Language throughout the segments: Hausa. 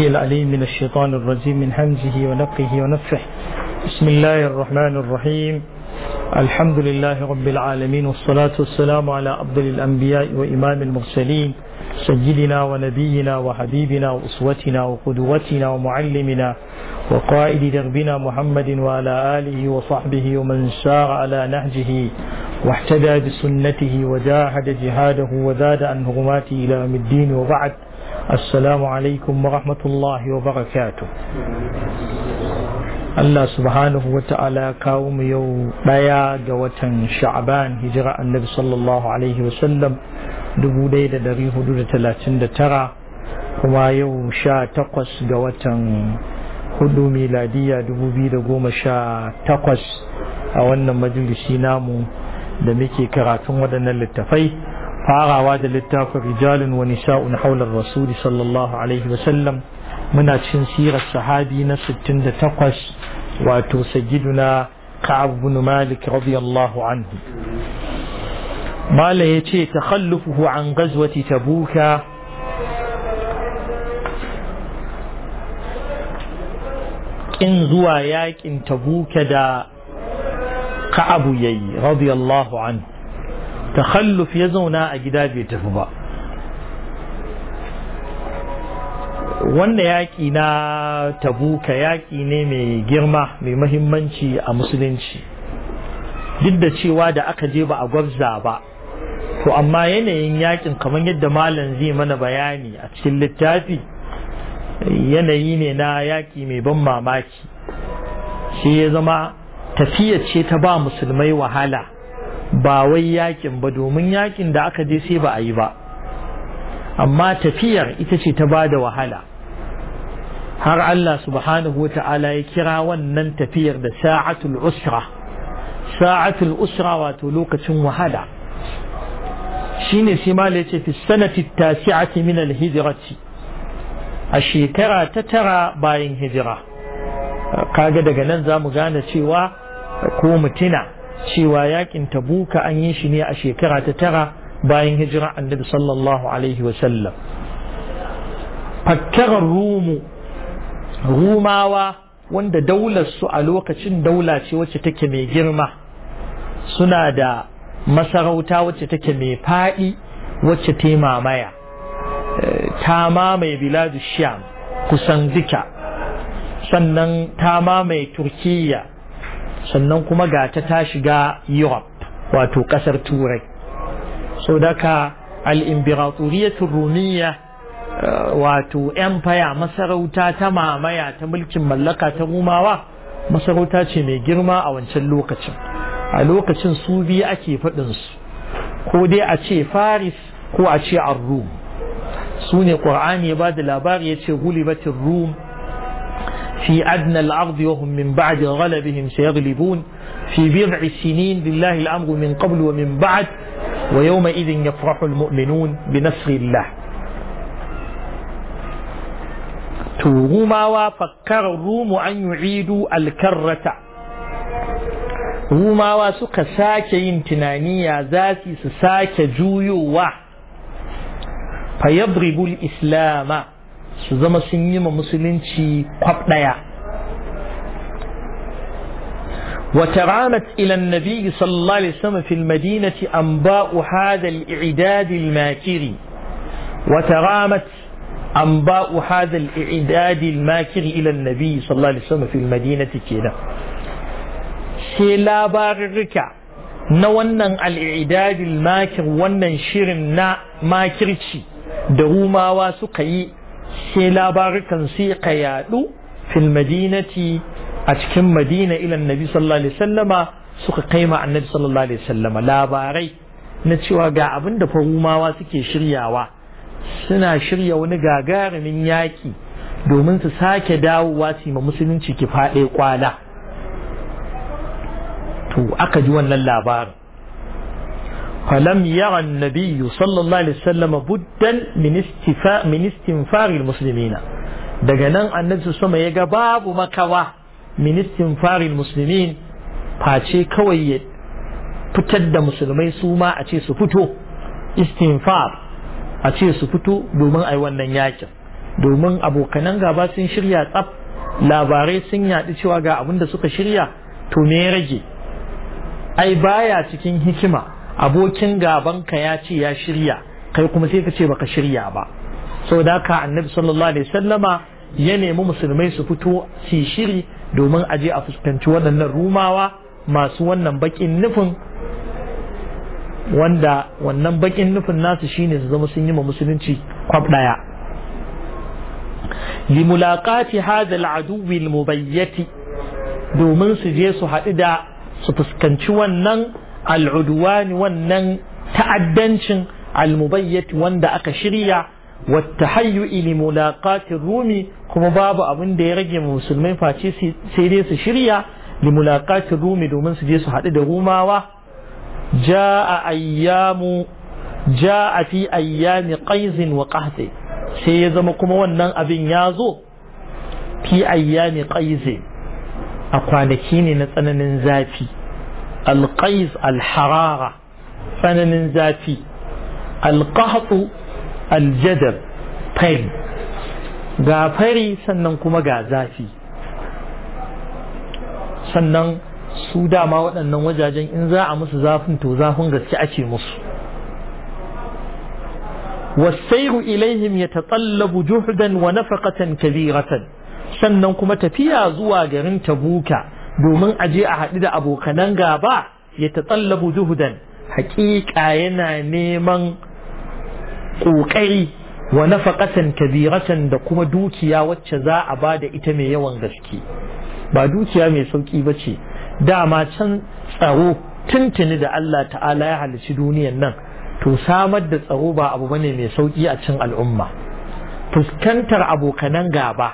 السميع العليم من الشيطان الرجيم من همزه ونقه ونفخه بسم الله الرحمن الرحيم الحمد لله رب العالمين والصلاة والسلام على أفضل الأنبياء وإمام المرسلين سيدنا ونبينا وحبيبنا وأسوتنا وقدوتنا ومعلمنا وقائد دربنا محمد وعلى آله وصحبه ومن سار على نهجه واحتدى بسنته وجاهد جهاده وزاد عن هرماته إلى يوم الدين وبعد السلام عليكم ورحمة الله وبركاته الله سبحانه وتعالى كاوم يو بيا جوة شعبان هجرة النبي صلى الله عليه وسلم دبو ديدة دري حدود تلاتين ترى كما يو شا تقص جوة hudu miladiya dubu biyu da goma sha takwas a wannan majalisi namu da muke karatun waɗannan littafai farawa da littafin rijalin wa sha'un haular rasuli sallallahu alaihi wasallam muna cikin sirar sahabi na 68 wato sagiduna ka'ab bin malik radiyallahu anhu mala yace takhallufuhu an ghazwati tabuka kin zuwa yakin tabuka da ka'abu yayi radiyallahu anhu takhalluf ya zauna a gida bai tafi ba wannan yaƙi na tabuka yaƙi ne mai girma mai mahimmanci a musulunci duk da cewa da aka je ba a gwabza ba to amma yanayin yaƙin kamar yadda malam zai mana bayani a cikin littafi yanayi ne na yaƙi mai ban mamaki shi ya zama tafiya ce ta ba musulmai wahala ba wai yakin ba domin yakin da aka je sai ba a yi ba amma tafiyar ita ce ta ba da wahala har Allah subhanahu wata'ala ya kira wannan tafiyar da sa'atul usra sa'atul usra wato lokacin wahala shine sai ma yace fi sanati tasi'ati min al-hijrati a shekara ta tara bayan hijira kaga daga nan zamu gane cewa ko mutuna cewa yakin tabuka an yi shi ne a shekara ta tara bayan hijira annabi sallallahu alaihi wasallam fakkarar rumu rumawa wanda daular su a lokacin daula ce wacce take mai girma suna da masarauta wacce take mai faɗi wacce ta mamaya ta mamaye biladu sham kusan duka sannan ta mamaye turkiyya sannan kuma ga ta ta shiga Europe wato kasar turai so daga al'imbiraturiyatun rumiya eh, wato empire masarauta ta mamaya ta mulkin mallaka ta rumawa masarauta ce mai girma a wancan lokacin a lokacin su biyu ake faɗinsu ko dai a ce faris ko a ce a rum su ne ya ba da labari ya ce gulibatin rum في أدنى الأرض وهم من بعد غلبهم سيغلبون في بضع سنين لله الأمر من قبل ومن بعد ويومئذ يفرح المؤمنون بنصر الله روماوا وفكر الروم أن يعيدوا الكرة روماوا سكا ساكين تنانية ذاتي ساكا جويوا فيضرب الإسلام su zama sun yi ma musulunci kwaf ɗaya وترامت إلى النبي صلى الله عليه وسلم في المدينة أنباء هذا الإعداد الماكر وترامت أنباء هذا الإعداد الماكر إلى النبي صلى الله عليه وسلم في المدينة كنا سيلا بارك نوانا الإعداد الماكر وانا شرنا ماكرتشي دهوما وسقي sai labarukan sai ka yaɗu fil madinati a cikin madina ilan nabi sallallahu alaihi sallama suka kai ma annabi sallallahu alaihi sallama labarai na cewa ga abin da farumawa suke shiryawa suna shirya wani gagarumin yaƙi domin su sake dawowa su ma musulunci ki faɗe kwala to aka ji wannan labarin falam yaron النبي sallallahu alaihi عليه وسلم بدا من استفاء من استنفار daga nan annabi sama ya ga babu makawa ministin farin musulmin face kawai ya fitar da musulmai su ma a ce su fito istinfar a ce su fito domin a yi wannan yakin domin abokanan gaba sun shirya tsaf labarai sun yaɗi cewa ga abinda da suka shirya to me ya rage ai baya cikin hikima abokin gaban ka ya ce ya shirya kai kuma sai ka ce baka shirya ba saboda haka annabi sallallahu alaihi wasallama ya nemi musulmai su fito su shiri domin aje a fuskanci waɗannan rumawa masu wannan bakin nufin wanda wannan bakin nufin nasu shine su zama sun yi ma musulunci kwab daya mulaqati hadha al'aduwi al-mubayyati domin su je su haɗu da su fuskanci wannan al'udwani wannan ta'addancin almubayyat wanda aka shirya wattahayyu li mulaqati rumi kuma babu abin da ya rage musulmai face sai dai su shirya li mulaqati rumi domin su je su haɗu da rumawa a ayyamu a fi ayyami qaiz wa qahd sai ya zama kuma wannan abin ya zo fi ayyami qaiz a kwanaki ne na tsananin zafi alƙais alharara tsananin zafi alƙahatsu aljadar fari ga fari sannan kuma ga zafi sannan su dama waɗannan wajajen in za a musu zafin to zafin gaske ake musu wasairu ilaihim ya taɓallabu juhdan wa nafaqatan kabiratan sannan kuma tafiya zuwa garin tabuka domin a je a haɗu da abokanan gaba ya ta tatsallabu zuhudan haƙiƙa yana neman ƙoƙari wa nafaƙatan kabiratan da kuma dukiya wacce za a ba da ita mai yawan gaske ba dukiya mai sauƙi ba ce dama can tsaro tuntuni da Allah ta'ala ya halici duniyan nan to samar da tsaro ba abu bane mai sauƙi a cin al'umma fuskantar abokanan gaba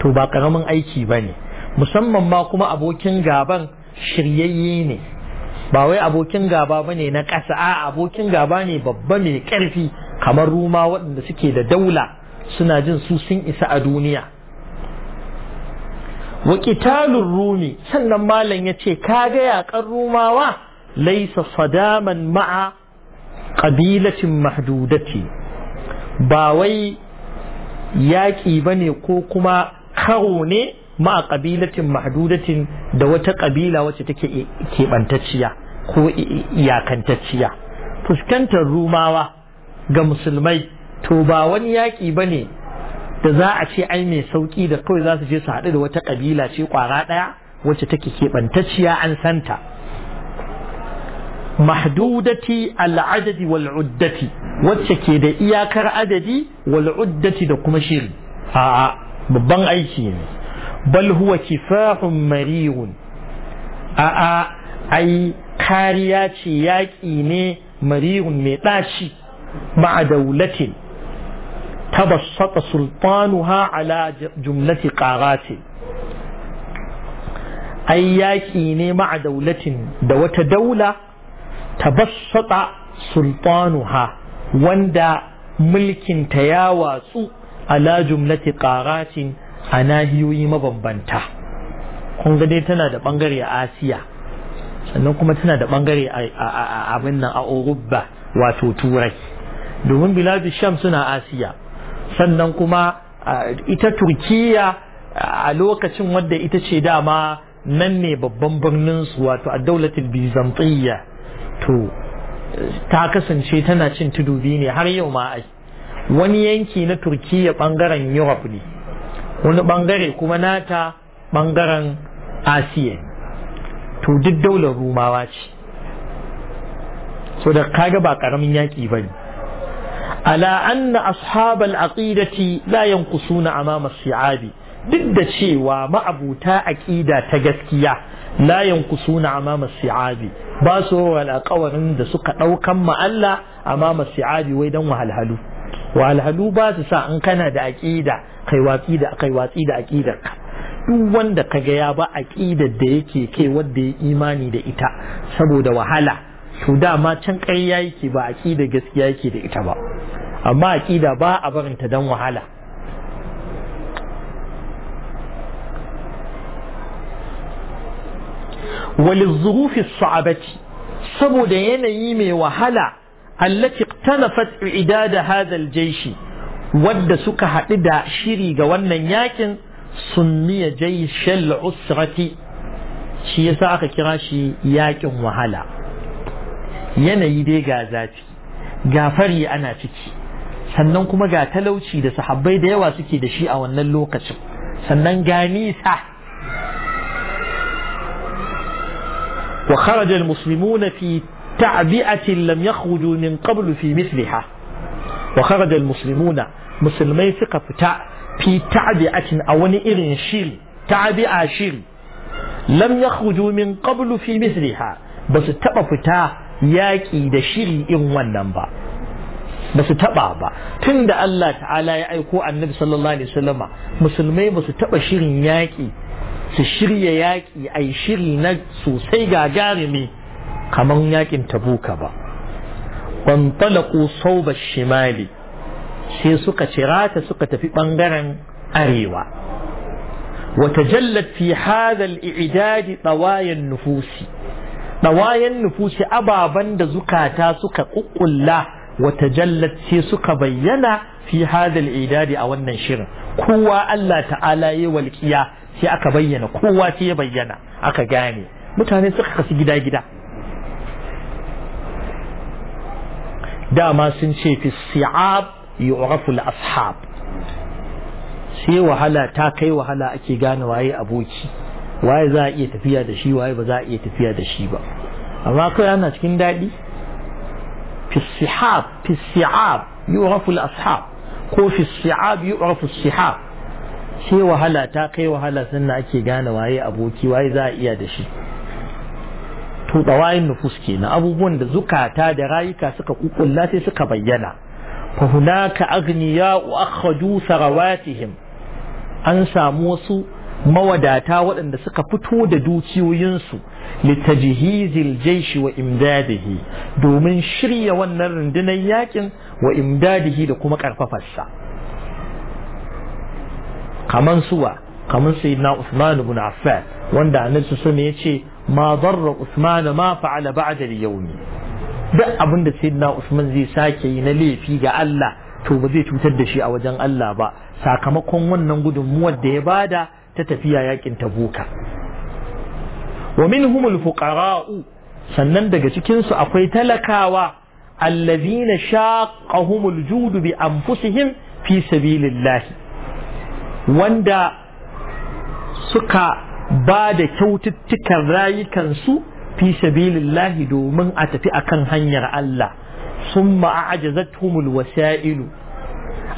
to ba ƙaramin aiki ba ne musamman ma kuma abokin gaban shiryayye ne ba wai abokin gaba ba ne na ƙasa a abokin gaba ne babba mai ƙarfi kamar ruma waɗanda suke da daula suna jin su sun isa a duniya wakitalun rumi sannan malam ya ce ka ga yaƙar rumawa laisa sadaman ma'a ƙabilacin mahdudati ba wai yaƙi ba ne ko kuma karo ne a ƙabilatin mahdudatin da wata ƙabila wacce take keɓantacciya ko iyakantacciya fuskantar rumawa ga musulmai to ba wani yaƙi ba ne da za a ce ai mai sauƙi da kawai za su je su haɗu da wata ƙabila ce ƙwara ɗaya wacce take keɓantacciya an santa mahdudati al'adadi wal'uddati wacce ke da iyakar adadi wal'uddati da kuma shiri A'a, babban aiki ne bal huwa kifahun marirun a'a ai kariya ce yaƙi ne marirun mai ɗaci ma'a daulatin tabassata sultanuha ala jumlati qarati ai yaƙi ne ma'a daulatin da wata daula tabassata sultanuha wanda mulkinta ya watsu ala jumlati ƙaratin a nahiyoyi mabambanta kun ga dai tana da bangare a asiya sannan kuma tana da bangare a abin nan a oruba wato turai domin biladu sham suna asiya sannan kuma ita turkiya a lokacin wadda ita ce dama nan ne babban birnin su wato a daulatin bizantiyya to ta kasance tana cin tudubi ne har yau ma ai wani yanki na turkiya bangaren europe ne wani bangare kuma nata bangaren asiya to duk daular rumawa ce so da kaga ba karamin yaƙi ba ne ala anna ashabal aqidati la yanqusuna amama si'abi duk da cewa ma'abuta aqida ta gaskiya la yanqusuna amama si'abi ba su wal alƙawarin da suka ɗaukan ma Allah amama si'abi wai dan wahalhalu walhalu ba su sa in kana da aƙida kai watsi da kai watsi da aƙidar ka duk wanda ka ga ya ba aƙidar da yake kai wanda ya imani da ita saboda wahala to dama can ƙarya yake ba aƙida gaskiya yake da ita ba amma aƙida ba a barin ta don wahala walizurufi su'abati saboda yanayi mai wahala allati iqtalafat i'dad hadha hadal jaysh wadda suka haɗu da shiri ga wannan yakin sunniya jayshal usrati shi yasa aka kira shi yakin wahala yanayi dai ga zafi ga fari ana ciki sannan kuma ga talauci da sahabbai da yawa suke da shi a wannan lokacin sannan ga nisa wa kharaja al تعبئة لم يخرجوا من قبل في مثلها وخرج المسلمون مسلمي ثقة a في irin أو إرن شيل تعبئة شيل لم يخرجوا من قبل في مثلها بس تبا فتاة ياكي دا شيل إن wannan ba su taɓa ba Tunda Allah ta'ala ya aiko annabi sallallahu alaihi wasallama musulmai ba su taba shirin yaƙi su shirya yaƙi a shiri na sosai gagarumi kamar ta tabuka ba ƙwantalaku sau ba shimali sai suka ta suka tafi ɓangaren arewa wata jallat fi hadal i'idadi ɗawayen nufusi ɗawayen nufusi ababen da zukata suka ƙuƙula wata jallat sai suka bayyana fi hadal i'idadi a wannan shirin kowa Allah ta'ala ya walƙiya sai aka bayyana kowa sai ya bayyana aka gane mutane suka kasi gida-gida dama sun ce fi si'ab yu'rafu al-ashab sai wahala ta kai wahala ake gane waye aboki waye za a iya tafiya da shi waye ba za a iya tafiya da shi ba amma kai ana cikin daɗi fi sihab fi si'ab yu'rafu ashab ko fi si'ab yu'rafu as sai wahala ta kai wahala sannan ake gane waye aboki waye za a iya da shi to dawayin nufus kenan abubuwan da zukata da rayuka suka kukulla sai suka bayyana fa hunaka aghniya wa akhadu sarawatihim an samu wasu mawadata waɗanda suka fito da dukiyoyinsu litajhizil jaishi wa imdadihi domin shirya wannan rundunar yakin wa imdadihi da kuma karfafarsa kaman suwa kaman sayyidina Usman ibn Affan wanda annabi sallallahu alaihi wasallam yace ma darra usman ma fa'ala ba'da al duk abin da sayyidina usman zai sake yi na laifi ga Allah to ba zai cutar da shi a wajen Allah ba sakamakon wannan gudunmuwar da ya bada ta tafiya yakin tabuka wa minhumul fuqara'u sannan daga cikin su akwai talakawa allazina shaqahumul judu bi anfusihim fi sabilillah wanda suka ba da kyaututtukan rayukansu fi sabilillahi domin a tafi akan hanyar Allah sun humul wasa'ilu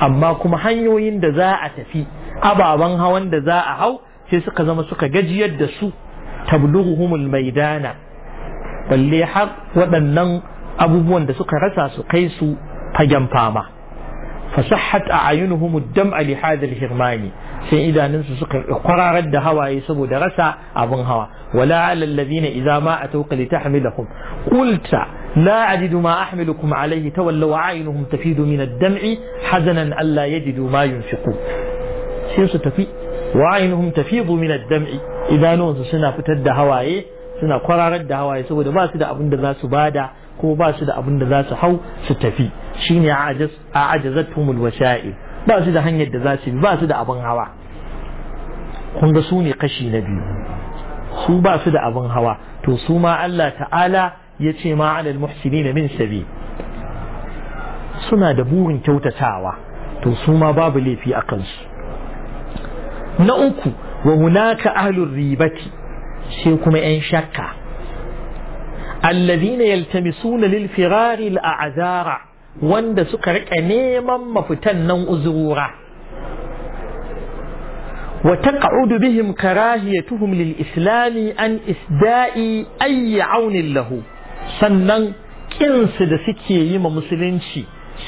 amma kuma hanyoyin da za a tafi ababen hawan da za a hau sai suka zama suka gajiyar da su mai maidana balle har waɗannan abubuwan da suka rasa su kai su fagen fama fasahat a ad-dam'a li hirmani sai idanunsu suka kwararar da hawaye saboda rasa abin hawa wala alal ladina idza ma li tahmilakum qulta la ajidu ma ahmilukum alayhi tawallaw aynuhum tafidu min ad-dam'i hazanan alla yajidu ma yunfiqu sai su tafi wa aynuhum tafidu min ad-dam'i idanunsu suna fitar da hawaye suna kwararar da hawaye saboda ba su da abin da za su bada ko ba su da abin da za su hau su tafi shine a ajazatumul wasa'il ba su da hanyar da za su bi ba su da abin hawa kun ga su ne kashi na biyu su ba su da abin hawa to su ma Allah ta'ala ya ce ma alal muhsinin min sabi suna da burin kyautatawa to su ma babu laifi a kansu na uku wa hunaka ahlur ribati sai kuma yan shakka alladhina yaltamisuna lil firari wanda suka rika neman mafitan nan uzurura wa taqa'udu bihim karahiyatuhum lil islami an isda'i ayyi aunin lahu sannan kinsu da suke yi ma musulunci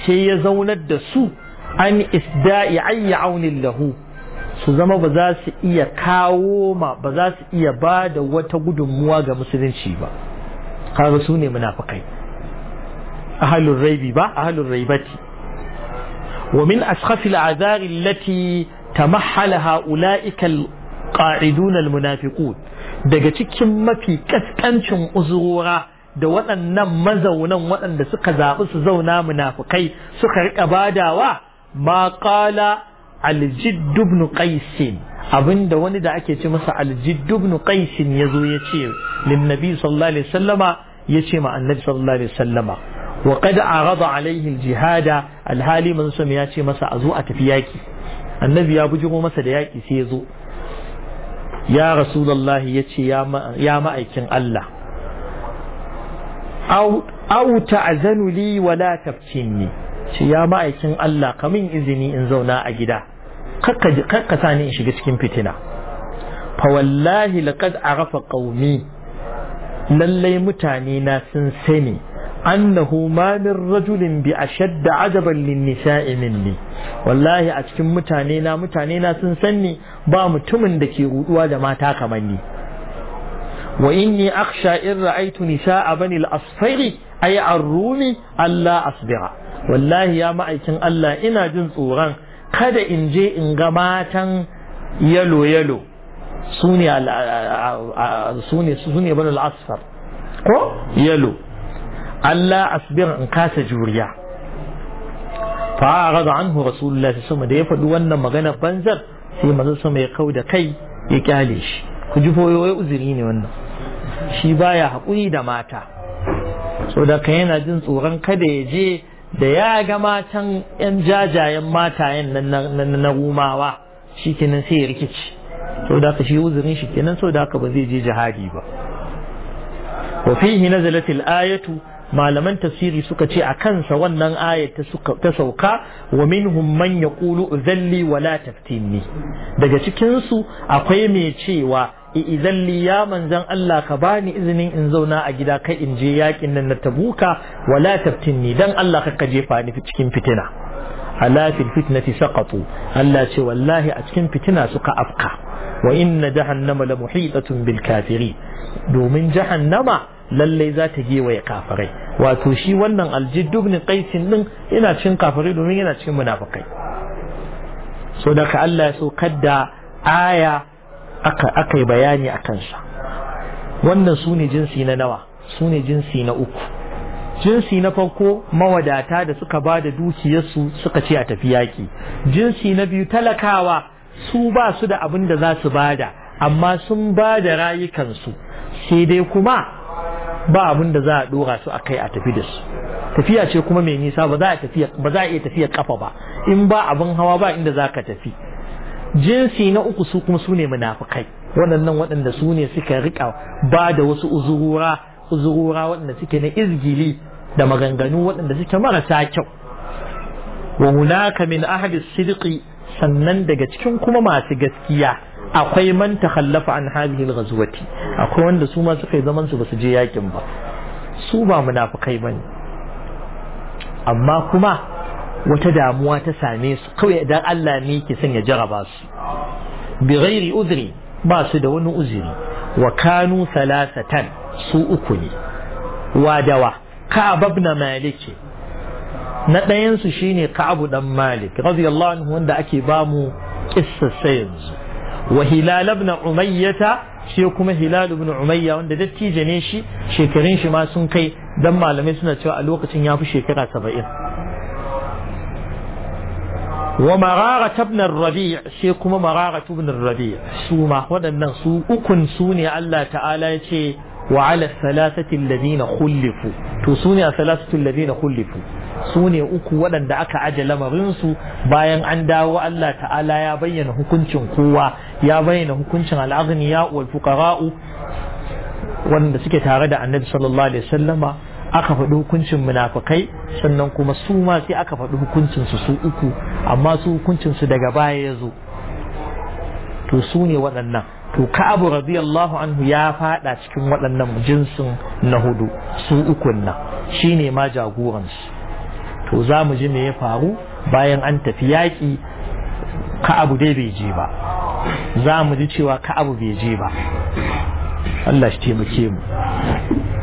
sai ya zaunar da su an isda'i ayyi aunin lahu su zama ba za su iya kawo ma ba za su iya ba da wata gudunmuwa ga musulunci ba kaga sune ne munafikai ahlul raibi ba ahlul raibati wa min ashkhafil ta allati tamahhala haula'ika alqa'idun almunafiqun daga cikin mafi kaskancin uzurora da waɗannan mazaunan waɗanda suka zaɓi su zauna munafukai suka riƙa badawa ma ƙala aljiddu abinda wani da ake ce masa aljiddu ibn qaisin ya zo ya ce lin nabi sallallahu alaihi ya ce ma annabi sallallahu وقد أعرض عليه الجهاد الهالي من سمي ياتي مسا أزو أتفياكي النبي يا بجو مسا دياكي سيزو يا رسول الله يتي يا ما يا ما أيكن الله أو أو تعزن لي ولا تبكيني يا ما أيكن الله كمين إذني إن زونا أجدا قد ساني إن شكتكين فتنة فوالله لقد عرف قومي للي متانينا سنسني annahu ma min rajulin bi ashadda ajaban lin nisa'i minni wallahi a cikin mutane na mutane na sun sanni ba mutumin da ke ruduwa da mata kamar ni wa inni akhsha in ra'aytu nisa'a bani al-asfari ay ar-rumi alla asbira wallahi ya ma'aikin Allah ina jin tsoron kada in je in ga matan yalo yalo sune sune sune bani al-asfar ko yalo Allah asbir in kasa juriya fa arada anhu rasulullahi sallallahu da ya faɗi wannan maganar banzar sai maza sama ya kau da kai ya kyale shi ku ji foyoyi uzuri ne wannan shi baya hakuri da mata so da kai yana jin tsoron kada ya je da ya ga matan yan jajayen matayen nan na rumawa shi kenan sai ya rikici so da ka shi uzurin shi kenan so da ka ba zai je jihadi ba wa fihi nazalatil ayatu malaman tasiri suka ce a kansa wannan aya ta sauka wa minhum man yaqulu uzalli wa la daga cikin su akwai mai cewa izalli ya manzan Allah ka bani izinin in zauna a gida kai in je yakin nan na tabuka wa la taftinni dan Allah ka jefa ni cikin fitina ala fil fitnati saqatu Allah ce wallahi a cikin fitina suka afka wa inna jahannama la muhitatun bil kafiri domin jahannama lallai za ta gewaye kafirai wato shi wannan aljiddu ne kaisin din yana cikin kafirai domin yana cikin munafikai so daga Allah ya so kadda aya aka bayani a kansa wannan su ne jinsi na nawa su ne jinsi na uku jinsi na farko mawadata da suka ba da dukiyarsu suka ce a tafi yaƙi jinsi na biyu talakawa su ba su da abin da za su bada amma sun ba da rayukansu sai dai kuma ba abin da za a dora su akai a tafi da su tafiya ce kuma mai nisa ba za a tafiya ba za a iya tafiya kafa ba in ba abin hawa ba inda za ka tafi jinsi na uku su kuma su ne munafikai waɗannan waɗanda su ne suka riƙa ba da wasu uzurura uzurura waɗanda suke na izgili da maganganu waɗanda suke marasa kyau wa hunaka min ahli sidqi sannan daga cikin kuma masu gaskiya akwai man takhallafa an hadhihi ghazwati akwai wanda su ma suka yi zaman su basu je yakin ba su ba munafikai bane amma kuma wata damuwa ta same su kawai idan Allah ne yake sanya jaraba su bi ghairi udhri ba su da wani uzuri wa kanu thalathatan su uku ne wadawa ka'ab ibn maliki na ɗayansu shine Ka'abu ɗan Malik radiyallahu anhu wanda ake bamu kissar sa yanzu wa hilal ibn umayyata shi kuma hilal ibn umayya wanda dattijo ne shi shekarun shi ma sun kai dan malamai suna cewa a lokacin ya fi shekara saba'in wa marara ibn rabi' shi kuma marara ibn rabi' su ma waɗannan su ukun su ne Allah ta'ala ya ce wa ala salasati alladhina khulifu to su ne a salasati alladhina khulifu su ne uku waɗanda aka aje lamarinsu bayan an dawo Allah ta'ala ya bayyana hukuncin kowa ya bayyana hukuncin al'aghniya wal fuqara'u wanda suke tare da annabi sallallahu alaihi wasallama aka faɗi hukuncin munafikai sannan kuma su ma sai aka faɗi hukuncin su su uku amma su hukuncin su daga baya ya zo to su ne waɗannan to ka'abu radiyallahu anhu ya faɗa cikin waɗannan jinsin na hudu su ukun nan shine ma jagoransu to za mu ji me ya faru bayan an tafi yaƙi ka'abu dai bai je ba za mu ji cewa ka'abu bai je ba Allah shi taimake mu